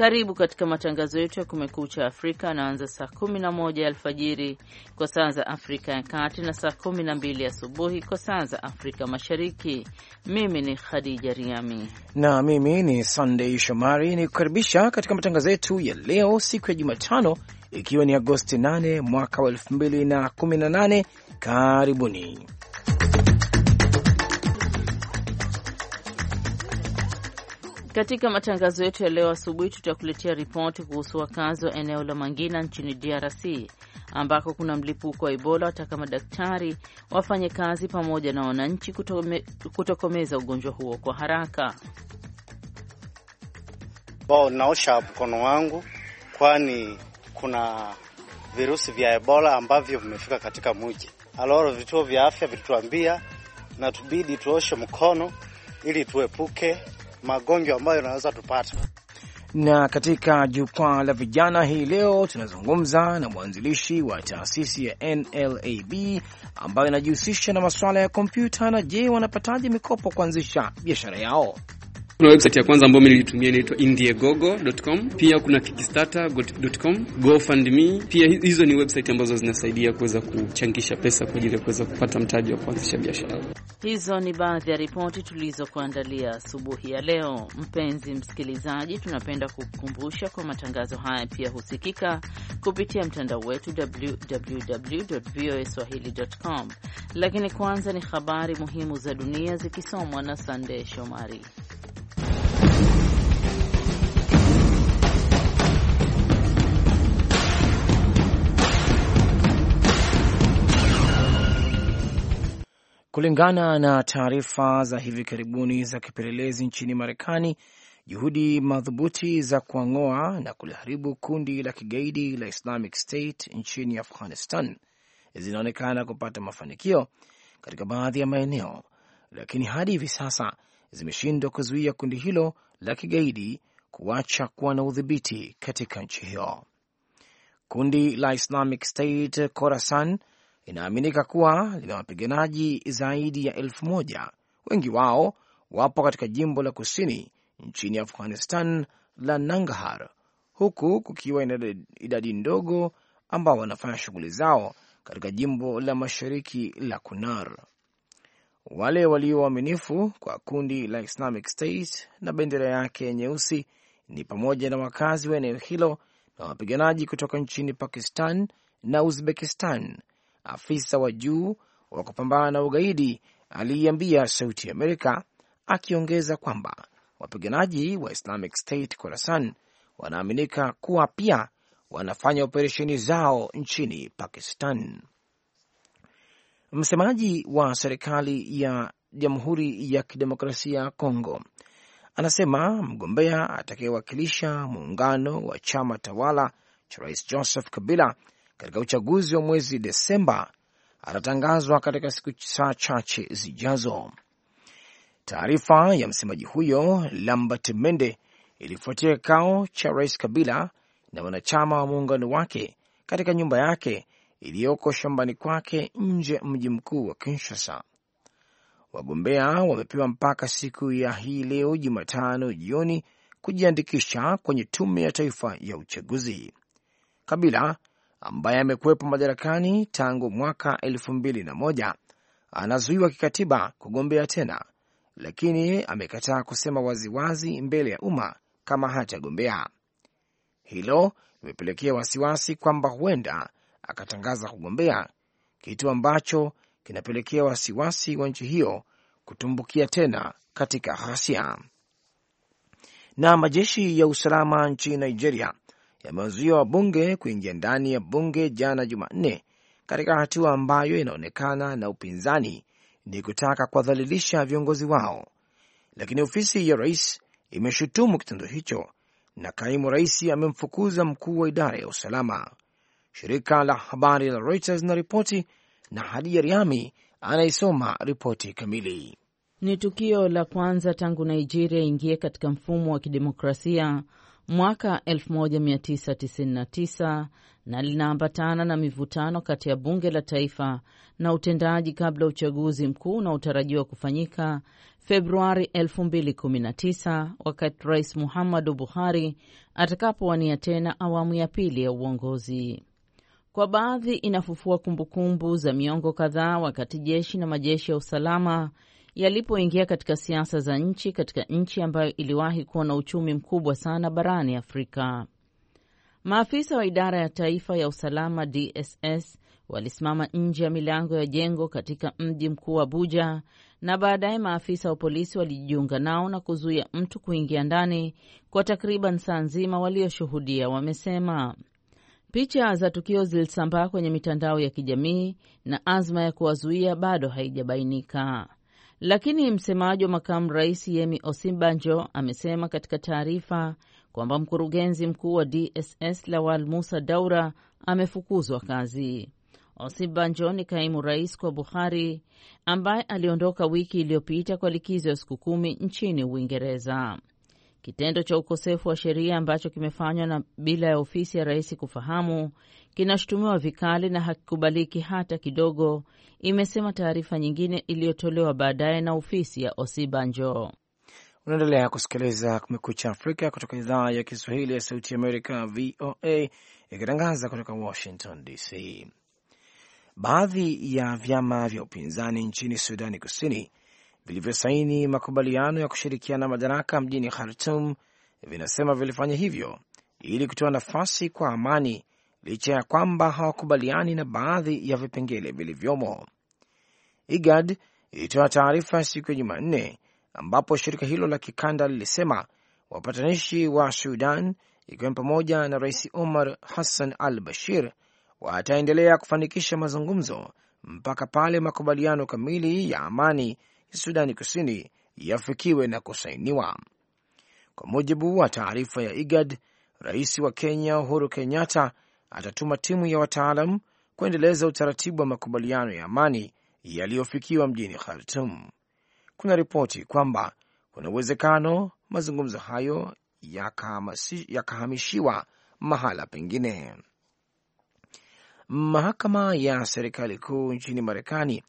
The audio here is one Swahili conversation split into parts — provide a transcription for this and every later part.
Karibu katika matangazo yetu ya Kumekucha Afrika anaanza saa 11 alfajiri kwa saa za Afrika ya Kati na saa mbili asubuhi kwa saa za Afrika Mashariki. Mimi ni Khadija Riami na mimi ni sandey Shomari, ni kukaribisha katika matangazo yetu ya leo, siku ya Jumatano, ikiwa ni Agosti 8 mwaka wa 2018. Karibuni. Katika matangazo yetu ya leo asubuhi, tutakuletea ripoti kuhusu wakazi wa eneo la Mangina nchini DRC ambako kuna mlipuko wa Ebola, wataka madaktari wafanye kazi pamoja na wananchi kutokomeza ugonjwa huo kwa haraka. Bo, naosha mkono wangu kwani kuna virusi vya Ebola ambavyo vimefika katika mji aloro. Vituo vya afya vilituambia na tubidi tuoshe mkono ili tuepuke magonjwa ambayo yanaweza tupata. Na katika jukwaa la vijana hii leo tunazungumza na mwanzilishi wa taasisi ya NLAB ambayo inajihusisha na masuala ya kompyuta. Na je, wanapataje mikopo kuanzisha biashara yao? Kuna website ya kwanza ambayo mimi nilitumia inaitwa indiegogo.com, pia kuna kickstarter.com, GoFundMe. Pia hizo ni website ambazo zinasaidia kuweza kuchangisha pesa kwa ajili ya kuweza kupata mtaji wa kuanzisha biashara. Hizo ni baadhi ya ripoti tulizokuandalia asubuhi ya leo. Mpenzi msikilizaji, tunapenda kukukumbusha kwa matangazo haya pia husikika kupitia mtandao wetu www.voaswahili.com. Lakini kwanza ni habari muhimu za dunia zikisomwa na Sandey Shomari. Kulingana na taarifa za hivi karibuni za kipelelezi nchini Marekani, juhudi madhubuti za kuang'oa na kuliharibu kundi la kigaidi la Islamic State nchini Afghanistan zinaonekana kupata mafanikio katika baadhi ya maeneo, lakini hadi hivi sasa zimeshindwa kuzuia kundi hilo la kigaidi kuacha kuwa na udhibiti katika nchi hiyo. Kundi la Islamic State Khorasan inaaminika kuwa lina wapiganaji zaidi ya elfu moja. Wengi wao wapo katika jimbo la kusini nchini Afghanistan la Nangarhar, huku kukiwa ina idadi ndogo ambao wanafanya shughuli zao katika jimbo la mashariki la Kunar. Wale walio waaminifu kwa kundi la Islamic State na bendera yake nyeusi ni pamoja na wakazi wa eneo hilo na wapiganaji kutoka nchini Pakistan na Uzbekistan afisa wa juu wa kupambana na ugaidi aliiambia Sauti ya Amerika, akiongeza kwamba wapiganaji wa Islamic State Khorasan wanaaminika kuwa pia wanafanya operesheni zao nchini Pakistan. Msemaji wa serikali ya Jamhuri ya Kidemokrasia ya Kongo anasema mgombea atakayewakilisha muungano wa chama tawala cha Rais Joseph Kabila katika uchaguzi wa mwezi Desemba atatangazwa katika siku saa chache zijazo. Taarifa ya msemaji huyo Lambert Mende ilifuatia kikao cha rais Kabila na wanachama wa muungano wake katika nyumba yake iliyoko shambani kwake nje mji mkuu wa Kinshasa. Wagombea wamepewa mpaka siku ya hii leo Jumatano jioni kujiandikisha kwenye tume ya taifa ya uchaguzi. Kabila ambaye amekuwepo madarakani tangu mwaka elfu mbili na moja anazuiwa kikatiba kugombea tena, lakini amekataa kusema waziwazi mbele ya umma kama hatagombea. Hilo limepelekea wasiwasi kwamba huenda akatangaza kugombea, kitu ambacho kinapelekea wasiwasi wa nchi hiyo kutumbukia tena katika ghasia. Na majeshi ya usalama nchini Nigeria yamewazuia wabunge kuingia ndani ya bunge jana Jumanne, katika hatua ambayo inaonekana na upinzani ni kutaka kuwadhalilisha viongozi wao. Lakini ofisi ya rais imeshutumu kitendo hicho na kaimu rais amemfukuza mkuu wa idara ya usalama. Shirika la habari la Reuters na ripoti na Hadia Riami anayesoma ripoti kamili. Ni tukio la kwanza tangu Nigeria ingie katika mfumo wa kidemokrasia mwaka 1999 na linaambatana na mivutano kati ya bunge la taifa na utendaji kabla uchaguzi mkuu unaotarajiwa kufanyika Februari 2019 wakati Rais Muhammadu Buhari atakapowania tena awamu ya pili ya uongozi. Kwa baadhi inafufua kumbukumbu za miongo kadhaa wakati jeshi na majeshi ya usalama yalipoingia katika siasa za nchi katika nchi ambayo iliwahi kuwa na uchumi mkubwa sana barani Afrika. Maafisa wa idara ya taifa ya usalama DSS walisimama nje ya milango ya jengo katika mji mkuu Abuja, na baadaye maafisa wa polisi walijiunga nao na kuzuia mtu kuingia ndani kwa takriban saa nzima. Walioshuhudia wamesema picha za tukio zilisambaa kwenye mitandao ya kijamii na azma ya kuwazuia bado haijabainika lakini msemaji wa makamu rais Yemi Osimbanjo amesema katika taarifa kwamba mkurugenzi mkuu wa DSS Lawal Musa Daura amefukuzwa kazi. Osimbanjo ni kaimu rais kwa Buhari ambaye aliondoka wiki iliyopita kwa likizo ya siku kumi nchini Uingereza. Kitendo cha ukosefu wa sheria ambacho kimefanywa na bila ya ofisi ya rais kufahamu kinashutumiwa vikali na hakikubaliki hata kidogo, imesema taarifa nyingine iliyotolewa baadaye na ofisi ya Osibanjo. Unaendelea kusikiliza Kumekucha Afrika kutoka idhaa ya Kiswahili ya Sauti Amerika, VOA, ikitangaza kutoka Washington DC. Baadhi ya vyama vya upinzani nchini Sudani Kusini vilivyosaini makubaliano ya kushirikiana madaraka mjini Khartum vinasema vilifanya hivyo ili kutoa nafasi kwa amani licha ya kwamba hawakubaliani na baadhi ya vipengele vilivyomo. IGAD ilitoa taarifa siku ya Jumanne ambapo shirika hilo la kikanda lilisema wapatanishi wa Sudan, ikiwemo pamoja na Rais Omar Hassan al Bashir, wataendelea kufanikisha mazungumzo mpaka pale makubaliano kamili ya amani ya Sudani Kusini yafikiwe na kusainiwa. Kwa mujibu wa taarifa ya IGAD, rais wa Kenya Uhuru Kenyatta atatuma timu ya wataalam kuendeleza utaratibu wa makubaliano ya amani yaliyofikiwa mjini Khartum. Kuna ripoti kwamba kuna uwezekano mazungumzo hayo yakahamishiwa yaka mahala pengine. Mahakama ya serikali kuu nchini Marekani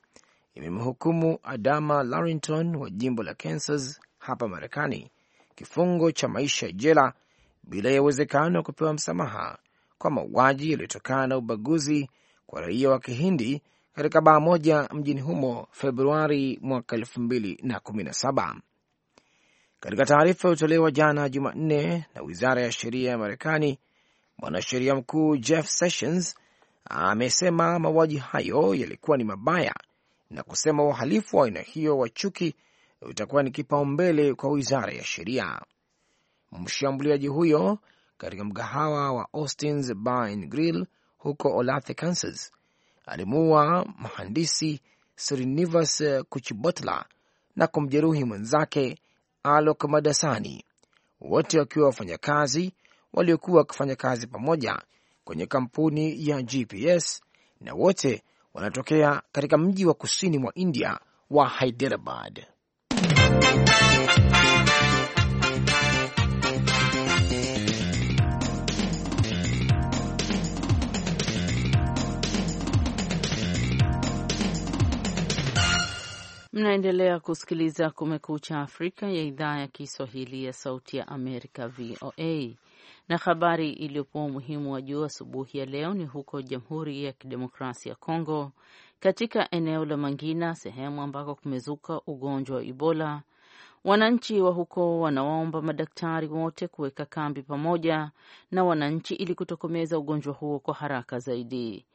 imemhukumu Adama Larington wa jimbo la Kansas hapa Marekani kifungo cha maisha jela bila ya uwezekano wa kupewa msamaha kwa mauaji yaliyotokana na ubaguzi kwa raia wa Kihindi katika baa moja mjini humo Februari mwaka saba. Katika taarifa iliyotolewa jana Jumanne na wizara ya sheria ya Marekani, mwanasheria mkuu Jeff Sessions amesema mauaji hayo yalikuwa ni mabaya na kusema uhalifu wa aina hiyo wa chuki utakuwa ni kipaumbele kwa wizara ya sheria. Mshambuliaji huyo katika mgahawa wa Austin's Bar and Grill huko Olathe, Kansas, alimuua mhandisi Srinivas Kuchibotla na kumjeruhi mwenzake Alok Madasani, wote wakiwa wafanyakazi waliokuwa wakifanya kazi pamoja kwenye kampuni ya GPS na wote wanatokea katika mji wa kusini mwa India wa Hyderabad. Mnaendelea kusikiliza Kumekucha Afrika ya idhaa ya Kiswahili ya Sauti ya Amerika, VOA. Na habari iliyopewa umuhimu wa juu asubuhi ya leo ni huko Jamhuri ya Kidemokrasia ya Kongo, katika eneo la Mangina, sehemu ambako kumezuka ugonjwa wa Ebola. Wananchi wa huko wanawaomba madaktari wote kuweka kambi pamoja na wananchi ili kutokomeza ugonjwa huo kwa haraka zaidi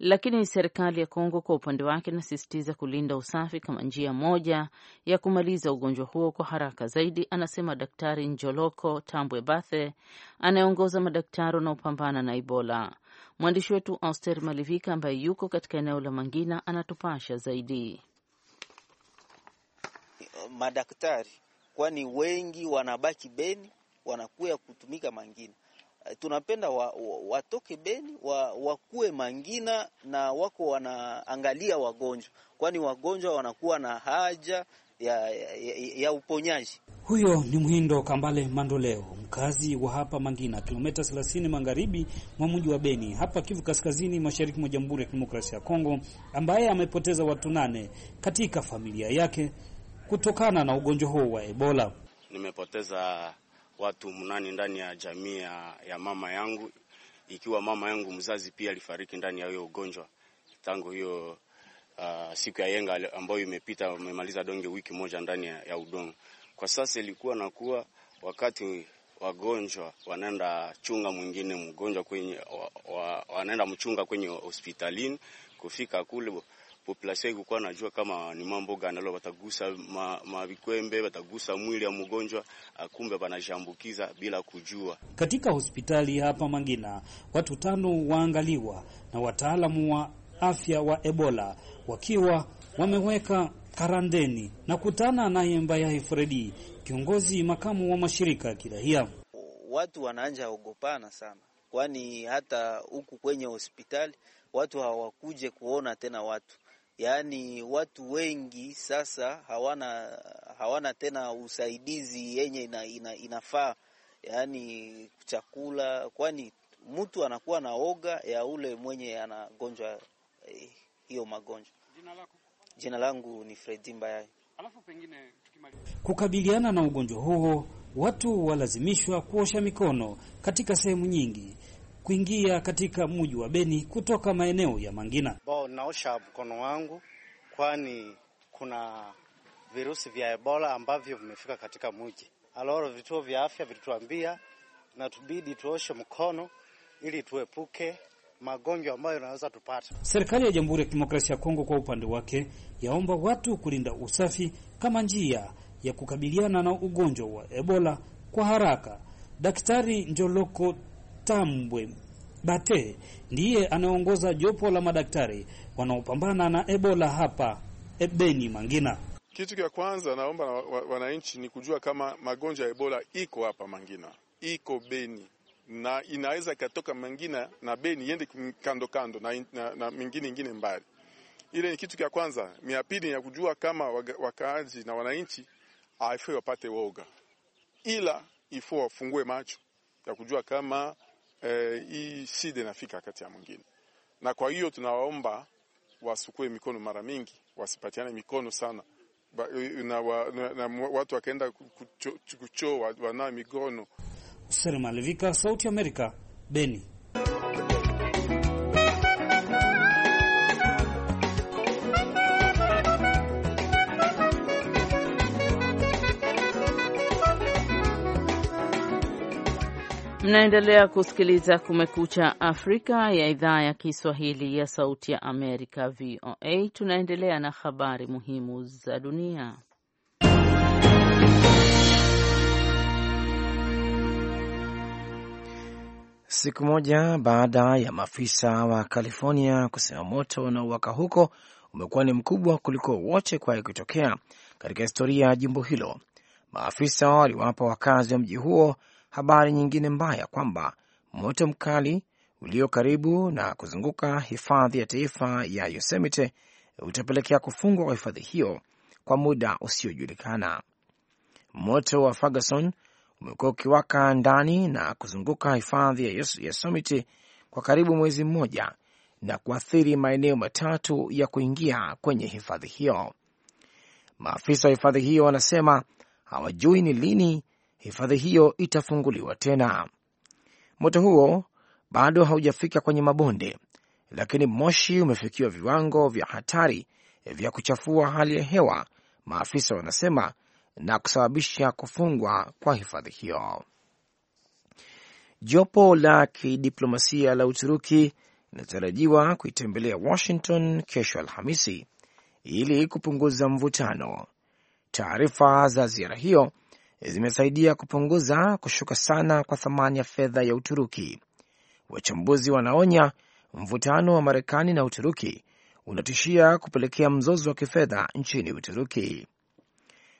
lakini serikali ya Kongo kwa upande wake inasisitiza kulinda usafi kama njia moja ya kumaliza ugonjwa huo kwa haraka zaidi, anasema Daktari Njoloko Tambwe Bathe anayeongoza madaktari wanaopambana na Ebola. Mwandishi wetu Auster Malivika ambaye yuko katika eneo la Mangina anatupasha zaidi. Madaktari kwani wengi wanabaki Beni, wanakuya kutumika Mangina tunapenda wa, wa, watoke Beni wa, wakuwe Mangina na wako wanaangalia wagonjwa, kwani wagonjwa wanakuwa na haja ya, ya, ya uponyaji. Huyo ni Mhindo Kambale Mandoleo, mkazi wa hapa Mangina, kilomita 30 magharibi mwa mji wa Beni, hapa Kivu Kaskazini, mashariki mwa Jamhuri ya Kidemokrasia ya Kongo, ambaye amepoteza watu nane katika familia yake kutokana na ugonjwa huo wa Ebola. Nimepoteza watu mnani ndani ya jamii ya, ya mama yangu, ikiwa mama yangu mzazi pia alifariki ndani ya huyo ugonjwa tangu hiyo uh, siku ya yenga ambayo imepita, umemaliza donge wiki moja ndani ya, ya udongo. Kwa sasa ilikuwa nakuwa wakati wagonjwa wanaenda chunga mwingine mgonjwa kwenye wa, wa, wanaenda mchunga kwenye hospitalini, kufika kule population ikukuwa najua kama ni mambo gani leo watagusa mavikwembe ma watagusa mwili ya mgonjwa, ah, kumbe wanashambukiza bila kujua. Katika hospitali hapa Mangina, watu tano waangaliwa na wataalamu wa afya wa Ebola wakiwa wameweka karanteni na kutana naye Mbayahi Fredi, kiongozi makamu wa mashirika ya Watu wanaanja ogopana sana, kwani hata huku kwenye hospitali watu hawakuje kuona tena watu yaani watu wengi sasa hawana hawana tena usaidizi yenye ina, ina, inafaa yaani chakula, kwani mtu anakuwa na oga ya ule mwenye anagonjwa eh, hiyo magonjwa. Jina langu ni Fredi Mbayai. Alafu pengine tukimaliza kukabiliana na ugonjwa huo, watu walazimishwa kuosha mikono katika sehemu nyingi kuingia katika mji wa Beni kutoka maeneo ya Mangina. Bo, naosha mkono wangu kwani kuna virusi vya Ebola ambavyo vimefika katika mji. Aloro vituo vya afya vilituambia na tubidi tuoshe mkono ili tuepuke magonjwa ambayo yanaweza tupata. Serikali ya Jamhuri ya Kidemokrasia ya Kongo kwa upande wake yaomba watu kulinda usafi kama njia ya kukabiliana na ugonjwa wa Ebola kwa haraka. Daktari Njoloko Tambwe Bate ndiye anaongoza jopo la madaktari wanaopambana na Ebola hapa Ebeni Mangina. Kitu cha kwanza naomba wananchi ni kujua kama magonjwa ya Ebola iko hapa Mangina, iko Beni na inaweza ikatoka Mangina na Beni iende kando kando na, na, na mingine ingine mbali. Ile ni kitu cha kwanza. Mia pili ya kujua kama wakaaji na wananchi aifai wapate woga, ila ifo wafungue macho ya kujua kama Eh, hii e, shida inafika ya mwingine, na kwa hiyo tunawaomba wasukue mikono mara mingi, wasipatiane mikono sana ba, eh, na, wa, na, na watu wakaenda kuchoo kucho, wanawe mikono. Sermalivika, Sauti ya Amerika, Beni. Mnaendelea kusikiliza Kumekucha Afrika ya idhaa ya Kiswahili ya Sauti ya Amerika, VOA. Tunaendelea na habari muhimu za dunia. Siku moja baada ya maafisa wa California kusema moto na uwaka huko umekuwa ni mkubwa kuliko wote kuwahi kutokea katika historia ya jimbo hilo, maafisa waliwapa wakazi wa mji huo habari nyingine mbaya kwamba moto mkali ulio karibu na kuzunguka hifadhi ya taifa ya Yosemite utapelekea kufungwa kwa hifadhi hiyo kwa muda usiojulikana. Moto wa Ferguson umekuwa ukiwaka ndani na kuzunguka hifadhi ya Yosemite kwa karibu mwezi mmoja na kuathiri maeneo matatu ya kuingia kwenye hifadhi hiyo. Maafisa wa hifadhi hiyo wanasema hawajui ni lini hifadhi hiyo itafunguliwa tena. Moto huo bado haujafika kwenye mabonde, lakini moshi umefikiwa viwango vya hatari vya kuchafua hali ya hewa, maafisa wanasema, na kusababisha kufungwa kwa hifadhi hiyo. Jopo la kidiplomasia la Uturuki linatarajiwa kuitembelea Washington kesho Alhamisi ili kupunguza mvutano. Taarifa za ziara hiyo zimesaidia kupunguza kushuka sana kwa thamani ya fedha ya Uturuki. Wachambuzi wanaonya mvutano wa Marekani na Uturuki unatishia kupelekea mzozo wa kifedha nchini Uturuki.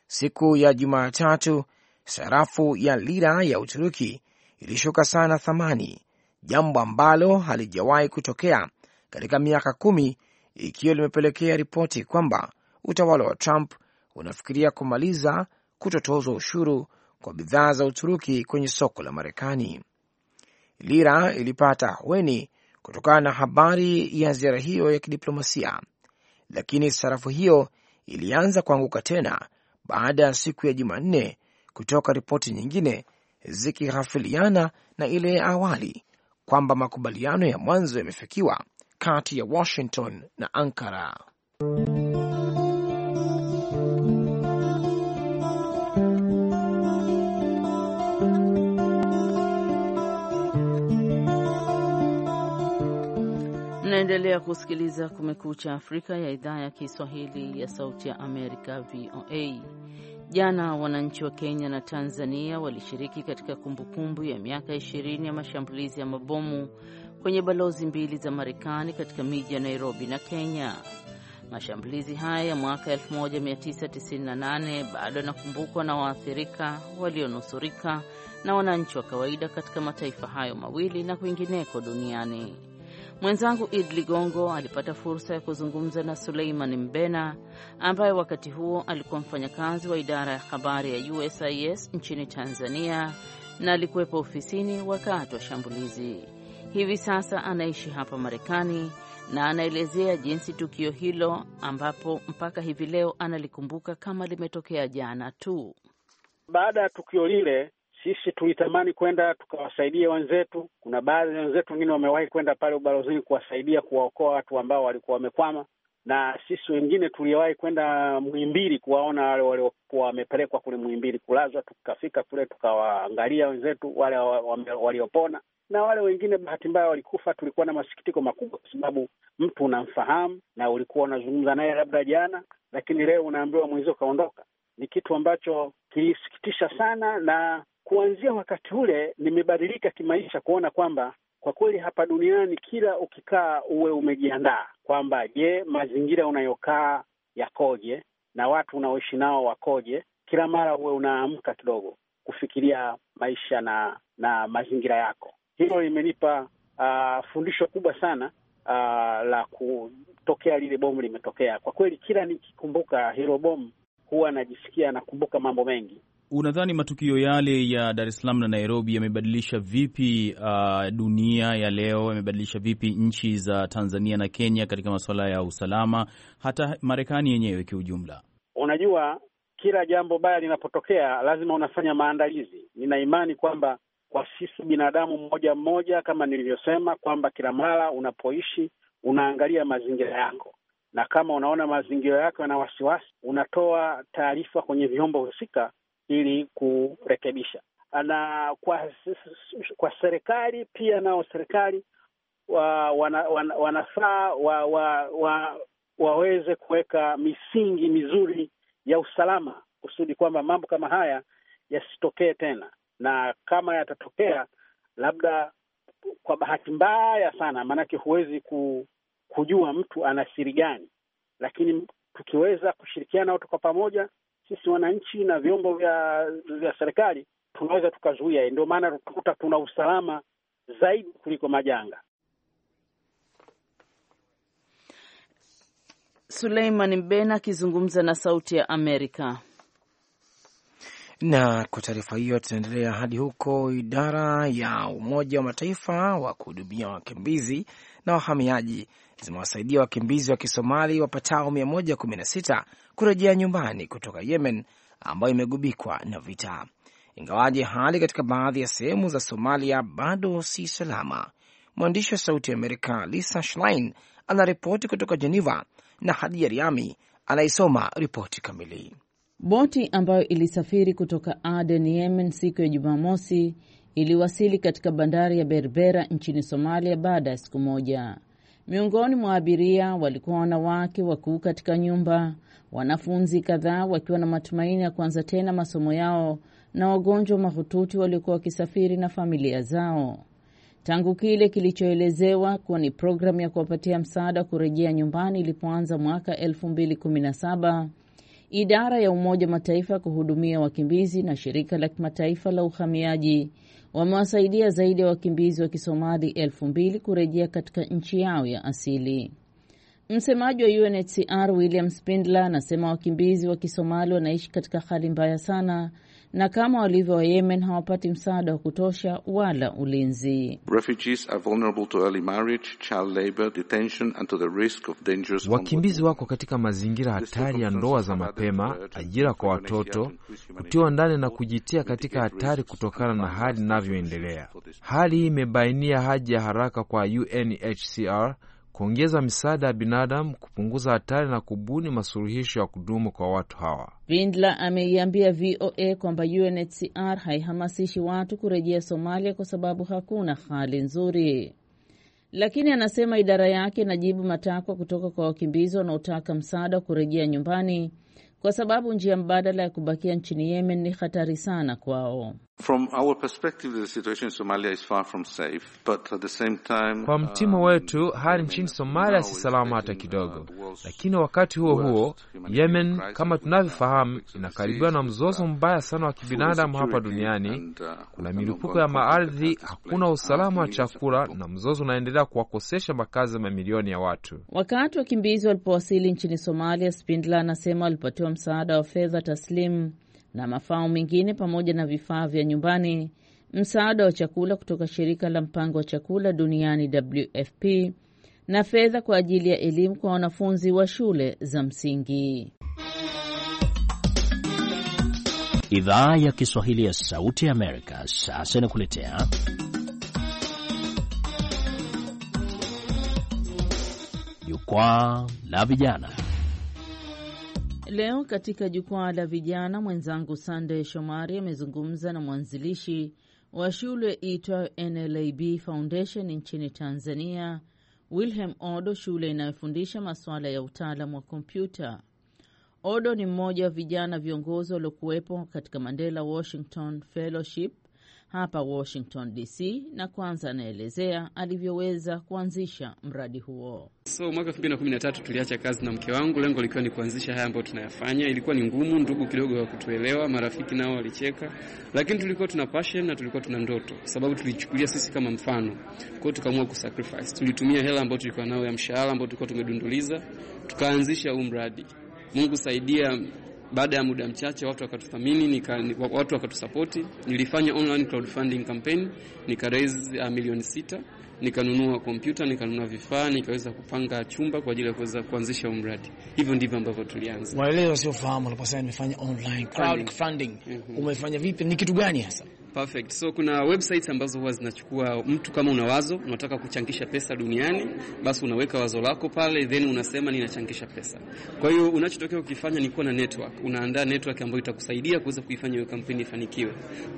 Siku ya Jumatatu, sarafu ya lira ya Uturuki ilishuka sana thamani, jambo ambalo halijawahi kutokea katika miaka kumi, ikiwa limepelekea ripoti kwamba utawala wa Trump unafikiria kumaliza kutotozwa ushuru kwa bidhaa za Uturuki kwenye soko la Marekani. Lira ilipata ahueni kutokana na habari ya ziara hiyo ya kidiplomasia, lakini sarafu hiyo ilianza kuanguka tena baada ya siku ya Jumanne kutoka ripoti nyingine zikighafiliana na ile ya awali kwamba makubaliano ya mwanzo yamefikiwa kati ya Washington na Ankara. Unaendelea kusikiliza Kumekucha Afrika ya idhaa ya Kiswahili ya Sauti ya Amerika, VOA. Jana wananchi wa Kenya na Tanzania walishiriki katika kumbukumbu ya miaka ishirini ya mashambulizi ya mabomu kwenye balozi mbili za Marekani katika miji ya Nairobi na Kenya. Mashambulizi haya ya mwaka 1998 bado yanakumbukwa na waathirika, walionusurika na wananchi wa kawaida katika mataifa hayo mawili na kwingineko duniani. Mwenzangu Id Ligongo alipata fursa ya kuzungumza na Suleiman Mbena ambaye wakati huo alikuwa mfanyakazi wa idara ya habari ya USIS nchini Tanzania na alikuwepo ofisini wakati wa shambulizi. Hivi sasa anaishi hapa Marekani na anaelezea jinsi tukio hilo ambapo mpaka hivi leo analikumbuka kama limetokea jana tu. Baada ya tukio lile sisi tulitamani kwenda tukawasaidia wenzetu. Kuna baadhi ya wenzetu wengine wamewahi kwenda pale ubalozini kuwasaidia kuwaokoa watu ambao walikuwa wamekwama, na sisi wengine tuliwahi kwenda Muhimbili kuwaona wale waliokuwa wamepelekwa kule Muhimbili kulazwa. Tukafika kule tukawaangalia wenzetu wale waliopona na wale wengine bahati mbaya walikufa. Tulikuwa na masikitiko makubwa, kwa sababu mtu unamfahamu na ulikuwa unazungumza naye labda jana, lakini leo unaambiwa mwenzio ukaondoka Ni kitu ambacho kilisikitisha sana, na kuanzia wakati ule nimebadilika kimaisha, kuona kwamba kwa kweli hapa duniani kila ukikaa uwe umejiandaa kwamba, je, mazingira unayokaa yakoje na watu unaoishi nao wakoje. Kila mara uwe unaamka kidogo kufikiria maisha na na mazingira yako. Hilo limenipa uh, fundisho kubwa sana uh, la kutokea lile bomu limetokea. Kwa kweli kila nikikumbuka hilo bomu huwa najisikia nakumbuka mambo mengi unadhani matukio yale ya Dar es Salaam na Nairobi yamebadilisha vipi uh, dunia ya leo? Yamebadilisha vipi nchi za Tanzania na Kenya katika masuala ya usalama, hata Marekani yenyewe kiujumla? Unajua, kila jambo baya linapotokea lazima unafanya maandalizi. Nina imani kwamba kwa sisi binadamu mmoja mmoja, kama nilivyosema, kwamba kila mara unapoishi unaangalia mazingira yako, na kama unaona mazingira yako yana wasiwasi, unatoa taarifa kwenye vyombo husika ili kurekebisha. Na kwa, kwa serikali pia nao serikali wa, wanafaa wana, wanafaa wa, wa, wa, waweze kuweka misingi mizuri ya usalama kusudi kwamba mambo kama haya yasitokee tena, na kama yatatokea labda kwa bahati mbaya sana, maanake huwezi ku, kujua mtu ana siri gani, lakini tukiweza kushirikiana wote kwa pamoja sisi wananchi na vyombo vya vya serikali tunaweza tukazuia. Ndio maana tukakuta tuna usalama zaidi kuliko majanga. Suleiman Mbena akizungumza na Sauti ya Amerika. Na kwa taarifa hiyo, tunaendelea hadi huko. Idara ya Umoja wa Mataifa wa kuhudumia wakimbizi na wahamiaji zimewasaidia wakimbizi wa Kisomali wapatao 116 kurejea nyumbani kutoka Yemen ambayo imegubikwa na vita. Ingawaje hali katika baadhi ya sehemu za Somalia bado si salama. Mwandishi wa Sauti ya Amerika Lisa Schlein anaripoti kutoka Jeneva na Hadija Riami anaisoma ripoti kamili. Boti ambayo ilisafiri kutoka Aden, Yemen, siku ya Jumamosi iliwasili katika bandari ya Berbera nchini Somalia baada ya siku moja. Miongoni mwa abiria walikuwa wanawake wakuu katika nyumba, wanafunzi kadhaa wakiwa na matumaini ya kuanza tena masomo yao na wagonjwa mahututi waliokuwa wakisafiri na familia zao. Tangu kile kilichoelezewa kuwa ni programu ya kuwapatia msaada wa kurejea nyumbani ilipoanza mwaka 2017, idara ya Umoja wa Mataifa ya kuhudumia wakimbizi na shirika la kimataifa la uhamiaji wamewasaidia zaidi ya wakimbizi wa Kisomali elfu mbili kurejea katika nchi yao ya asili. Msemaji wa UNHCR William Spindler anasema wakimbizi wa Kisomali wanaishi katika hali mbaya sana na kama walivyo wa Yemen hawapati msaada wa kutosha wala ulinzi. Wakimbizi wako katika mazingira hatari ya ndoa za mapema, ajira kwa watoto, kutiwa ndani na kujitia katika hatari kutokana na hali inavyoendelea. Hali hii imebainia haja ya haraka kwa UNHCR kuongeza misaada ya binadamu, kupunguza hatari na kubuni masuluhisho ya kudumu kwa watu hawa. Vindla ameiambia VOA kwamba UNHCR haihamasishi watu kurejea Somalia kwa sababu hakuna hali nzuri, lakini anasema idara yake inajibu matakwa kutoka kwa wakimbizi wanaotaka msaada wa kurejea nyumbani kwa sababu njia mbadala ya kubakia nchini Yemen ni hatari sana kwao. From our perspective, the situation in Somalia is far from safe, but at the same time, kwa mtimo um, wetu hali nchini Somalia si salama hata uh, kidogo, lakini wakati huo huo Yemen kama tunavyofahamu inakaribiwa na mzozo uh, mbaya sana wa kibinadamu hapa duniani. Uh, Kuna milipuko ya maardhi, hakuna usalama wa chakula na mzozo unaendelea kuwakosesha makazi ya mamilioni ya watu. Wakati wakimbizi walipowasili nchini Somalia, Spindla anasema walipatiwa msaada wa fedha taslimu na mafao mengine pamoja na vifaa vya nyumbani, msaada wa chakula kutoka shirika la mpango wa chakula duniani WFP na fedha kwa ajili ya elimu kwa wanafunzi wa shule za msingi. Idhaa ya Kiswahili ya Sauti ya Amerika sasa inakuletea jukwaa la vijana. Leo katika jukwaa la vijana, mwenzangu Sandey Shomari amezungumza na mwanzilishi wa shule iitwayo NLAB Foundation nchini Tanzania, Wilhelm Odo, shule inayofundisha masuala ya utaalamu wa kompyuta. Odo ni mmoja wa vijana viongozi waliokuwepo katika Mandela Washington Fellowship hapa Washington DC, na kwanza anaelezea alivyoweza kuanzisha mradi huo. So mwaka tatu tuliacha kazi na mke wangu, lengo likiwa ni kuanzisha haya ambayo tunayafanya. Ilikuwa ni ngumu, ndugu kidogo kutuelewa marafiki nao walicheka, lakini tulikuwa tuna passion na tulikuwa tuna ndoto, sababu tulichukulia sisi kama mfano. kwao, tukaamua kusacrifice, tulitumia hela ambayo tulikuwa nayo ya mshahara ambao tulikuwa tumedunduliza, tukaanzisha huu mradi. Mungu saidia baada ya muda mchache watu wakatuthamini, watu wakatusapoti. Nilifanya online crowdfunding campaign, nika raise uh, milioni sita, nikanunua kompyuta, nikanunua vifaa, nikaweza kupanga chumba kwa ajili ya kuweza kuanzisha mradi. Hivyo ndivyo ambavyo tulianza. Waelewa wasiofahamu, unaposema nimefanya online crowdfunding, mm-hmm. umefanya vipi? Ni kitu gani hasa? Perfect. So kuna websites ambazo huwa zinachukua mtu, kama una wazo unataka kuchangisha pesa duniani, basi unaweka wazo lako pale, then unasema ninachangisha pesa. Kwa hiyo unachotokea ukifanya ni kuwa na network, unaandaa network ambayo itakusaidia kuweza kuifanya hiyo kampeni ifanikiwe.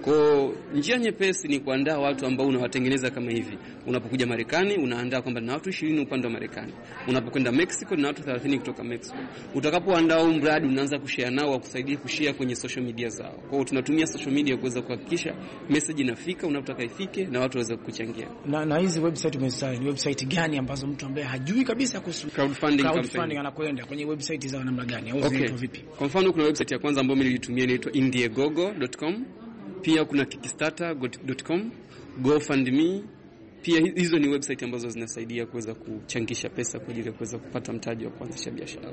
Kwa njia nyepesi ni kuandaa watu ambao unawatengeneza kama hivi. Unapokuja Marekani, unaandaa kwamba na watu 20 upande wa Marekani. Unapokwenda Mexico na watu 30 kutoka Mexico. Utakapoandaa mradi unaanza kushare nao, wakusaidie kushare kwenye social media zao. Kwa hiyo tunatumia social media kuweza kuhakikisha message inafika unataka ifike na watu waweze kuchangia. Na na hizi website umezitaja ni website gani ambazo mtu ambaye hajui kabisa kuhusu crowdfunding, crowdfunding anakwenda kwenye website za namna gani au okay, vipi? Kwa mfano kuna website ya kwanza ambayo mimi nilitumia inaitwa indiegogo.com, pia kuna kickstarter.com, gofundme pia hizo ni website ambazo zinasaidia kuweza kuchangisha pesa kwa ajili ya kuweza kupata mtaji wa kuanzisha biashara,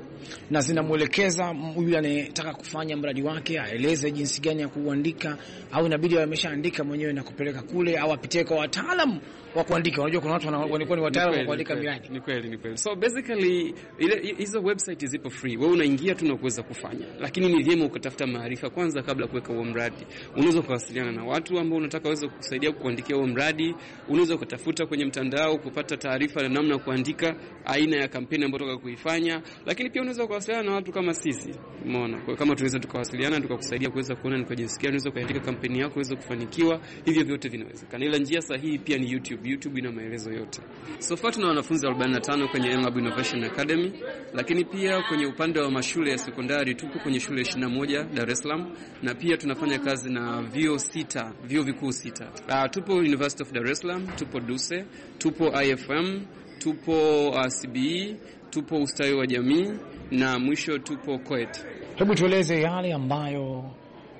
na zinamwelekeza yule anayetaka kufanya mradi wake aeleze jinsi gani ya kuuandika, au inabidi ameshaandika mwenyewe na kupeleka kule, au apitie kwa wataalamu wa kuandika. Unajua kuna watu wanakuwa ni wataalamu wa kuandika miradi. Ni kweli, ni kweli. So basically ile hizo website zipo free, wewe unaingia tu na kuweza kufanya, lakini ni vyema ukatafuta maarifa kwanza kabla kuweka huo mradi. Unaweza kuwasiliana na watu ambao unataka waweze kukusaidia kuandikia huo mradi. Unaweza kutafuta kwenye mtandao kupata taarifa na namna ya kuandika aina ya kampeni ambayo unataka kuifanya, lakini pia unaweza kuwasiliana na watu kama sisi, umeona. Kwa kama tunaweza tukawasiliana tukakusaidia kuweza kuona ni kwa jinsi gani unaweza kuandika kampeni yako iweze kufanikiwa. Hivyo vyote vinawezekana, ila njia sahihi pia ni YouTube. YouTube ina maelezo yote. So far tuna wanafunzi 45 kwenye Enlab Innovation Academy, lakini pia kwenye upande wa mashule ya sekondari tuko kwenye shule 21 Dar es Salaam, na pia tunafanya kazi na vyuo sita, vyuo vikuu sita. Uh, tupo University of Dar es Salaam, tupo Duse, tupo IFM, tupo uh, ah, CBE, tupo ustawi wa jamii na mwisho tupo KOET. Hebu tueleze yale ambayo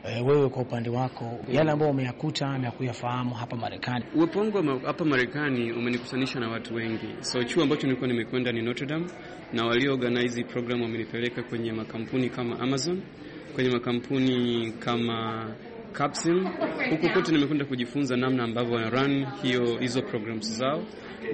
e, wewe kwa upande wako yale ambayo umeyakuta na kuyafahamu hapa Marekani. Uwepo wangu hapa Marekani umenikutanisha na watu wengi, so chuo ambacho nilikuwa nimekwenda ni Notre Dame, na organize program wamenipeleka kwenye makampuni kama Amazon, kwenye makampuni kama Capsule. Huko kote nimekwenda kujifunza namna ambavyo wana run hiyo hizo programs zao,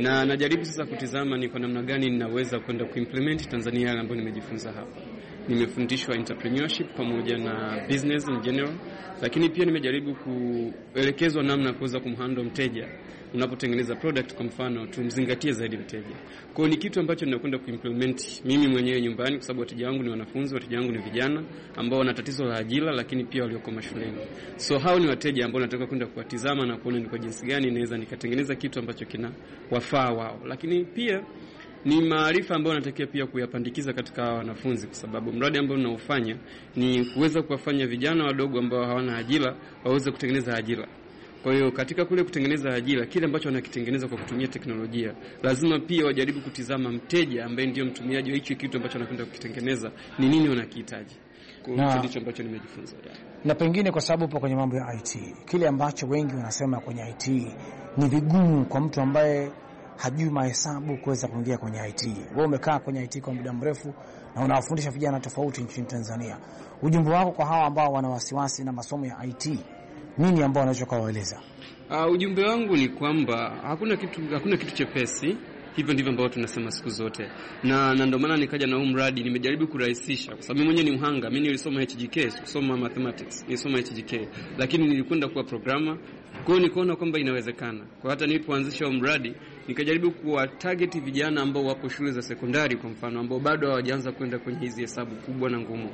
na najaribu sasa kutizama ni kwa namna gani ninaweza kwenda kuimplement Tanzania yale ambayo nimejifunza hapa nimefundishwa entrepreneurship pamoja na business in general, lakini pia nimejaribu kuelekezwa namna ya kuweza kumhandle mteja unapotengeneza product. Kwa mfano, tumzingatie zaidi mteja. Kwa hiyo ni kitu ambacho ninakwenda kuimplement mimi mwenyewe nyumbani, kwa sababu wateja wangu ni wanafunzi, wateja wangu ni vijana ambao wana tatizo la ajira, lakini pia walioko mashuleni. So hao ni wateja ambao nataka kwenda kuwatizama na kuona ni kwa jinsi gani naweza nikatengeneza kitu ambacho kina wafaa wao, lakini pia ni maarifa ambayo natakiwa pia kuyapandikiza katika wanafunzi, kwa sababu mradi ambao ninaofanya ni kuweza kuwafanya vijana wadogo ambao hawana ajira waweze kutengeneza ajira. Kwa hiyo katika kule kutengeneza ajira, kile ambacho wanakitengeneza kwa kutumia teknolojia, lazima pia wajaribu kutizama mteja ambaye ndio mtumiaji wa hicho kitu ambacho wanakwenda kukitengeneza ni nini wanakihitaji. Ndicho ambacho nimejifunza ya. Na pengine kwa sababu upo kwenye mambo ya IT, kile ambacho wengi wanasema kwenye IT ni vigumu kwa mtu ambaye hajui mahesabu kuweza kuingia kwenye IT. Wewe umekaa kwenye IT kwa muda mrefu na unawafundisha vijana tofauti nchini Tanzania. Ujumbe wako kwa hawa ambao wana wasiwasi na masomo ya IT, nini ambao wanachokawaeleza? Uh, ah, ujumbe wangu ni kwamba hakuna kitu, hakuna kitu chepesi hivyo ndivyo ambavyo tunasema siku zote, na na ndio maana nikaja na huu mradi. Nimejaribu kurahisisha kwa sababu mimi mwenyewe ni mhanga. Mimi nilisoma HGK, sikusoma mathematics, nilisoma HGK, lakini nilikwenda kuwa programmer. Kwa hiyo nikaona kwamba inawezekana, kwa hata nilipoanzisha huu mradi nikajaribu kuwa target vijana ambao wapo shule za sekondari kwa mfano, ambao bado hawajaanza kwenda kwenye hizi hesabu kubwa na ngumu,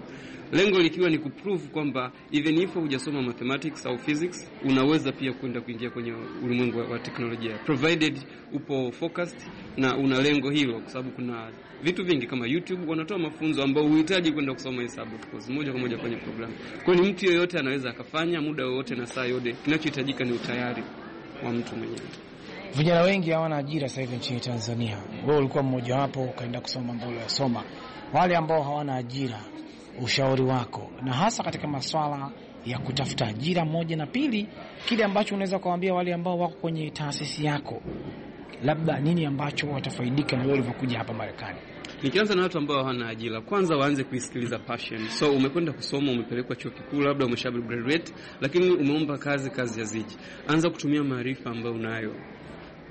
lengo likiwa ni kuprove kwamba even if hujasoma mathematics au physics unaweza pia kwenda kuingia kwenye ulimwengu wa, teknolojia provided upo focused na una lengo hilo, kwa sababu kuna vitu vingi kama YouTube wanatoa mafunzo ambao huhitaji kwenda kusoma hesabu of course, moja kwa moja kwenye programu. Kwa hiyo ni mtu yeyote anaweza akafanya muda wowote na saa yote, kinachohitajika ni utayari wa mtu mwenyewe. Vijana wengi hawana ajira sasa hivi nchini Tanzania. Wewe ulikuwa mmoja wapo ukaenda kusoma mambo ya soma. Wale ambao hawana ajira, ushauri wako, na hasa katika masuala ya kutafuta ajira, moja na pili, kile ambacho unaweza kuwaambia wale ambao wako kwenye taasisi yako, labda nini ambacho watafaidika na wewe ulivyokuja hapa Marekani? Nikianza na watu ambao hawana ajira, kwanza waanze kuisikiliza passion. So umekwenda kusoma, umepelekwa chuo kikuu, labda umesha graduate, lakini umeomba kazi, kazi ya ziji. Anza kutumia maarifa ambayo unayo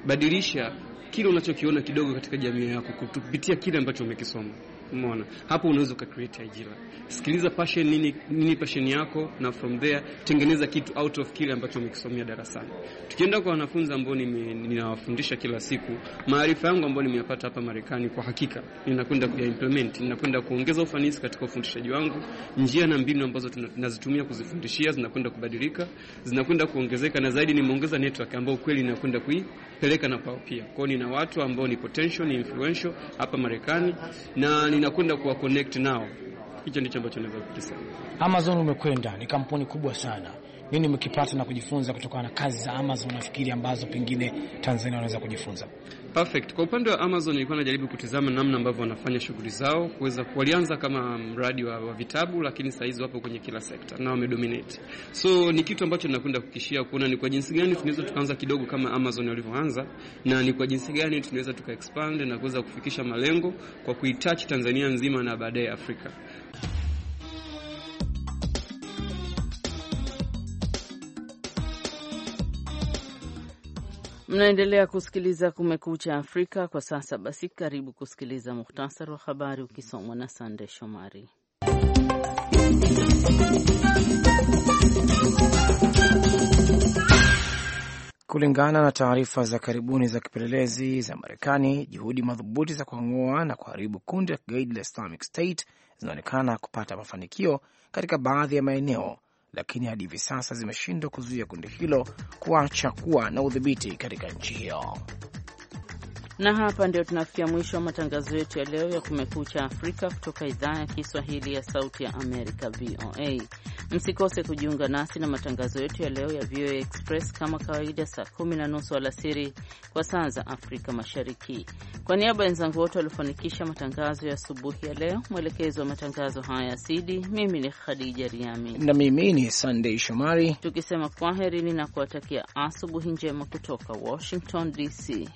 badilisha kile unachokiona kidogo katika jamii yako kupitia kile ambacho umekisoma. Umeona hapo, unaweza ukacreate ajira. Sikiliza passion, nini nini passion yako, na from there tengeneza kitu out of kile ambacho umekisomea darasani. Tukienda kwa wanafunzi ambao ninawafundisha kila siku, maarifa yangu ambayo nimeyapata hapa Marekani, kwa hakika ninakwenda kuya implement, ninakwenda kuongeza ufanisi katika ufundishaji wangu. Njia na mbinu ambazo tunazitumia kuzifundishia zinakwenda kubadilika, zinakwenda kuongezeka, na zaidi nimeongeza network ambayo kweli inakwenda kui kupeleka na kwao pia. Kwa nina watu ambao ni potential, ni influential hapa Marekani na ninakwenda kuwa connect nao. Hicho ndicho ambacho naweza kusema. Amazon umekwenda, ni kampuni kubwa sana nini mkipata na kujifunza kutokana na kazi za Amazon nafikiri ambazo pengine Tanzania wanaweza kujifunza? Perfect. Kwa upande wa Amazon nilikuwa najaribu kutizama namna ambavyo wanafanya shughuli zao, kuweza walianza kama mradi wa, wa vitabu, lakini sasa hizi wapo kwenye kila sekta na wamedominate. So ni kitu ambacho nakwenda kukishia kuona ni kwa jinsi gani tunaweza tukaanza kidogo kama Amazon walivyoanza, na ni kwa jinsi gani tunaweza tukaexpand na kuweza kufikisha malengo kwa kuitouch Tanzania nzima na baadaye Afrika. Mnaendelea kusikiliza Kumekucha Afrika kwa sasa. Basi karibu kusikiliza muhtasari wa habari ukisomwa na Sande Shomari. Kulingana na taarifa za karibuni za kipelelezi za Marekani, juhudi madhubuti za kuang'oa na kuharibu kundi la kigaidi la Islamic State zinaonekana kupata mafanikio katika baadhi ya maeneo lakini hadi hivi sasa zimeshindwa kuzuia kundi hilo kuacha kuwa na udhibiti katika nchi hiyo. Na hapa ndio tunafikia mwisho wa matangazo yetu ya leo ya Kumekucha Afrika kutoka idhaa ya Kiswahili ya Sauti ya Amerika, VOA. Msikose kujiunga nasi na matangazo yetu ya leo ya VOA Express kama kawaida, saa kumi na nusu alasiri kwa saa za Afrika Mashariki. Kwa niaba ya wenzangu wote waliofanikisha matangazo ya asubuhi ya leo, mwelekezi wa matangazo haya Sidi, mimi ni Khadija Riami na mimi ni Sandei Shomari, tukisema kwaherini na kuwatakia asubuhi njema kutoka Washington DC.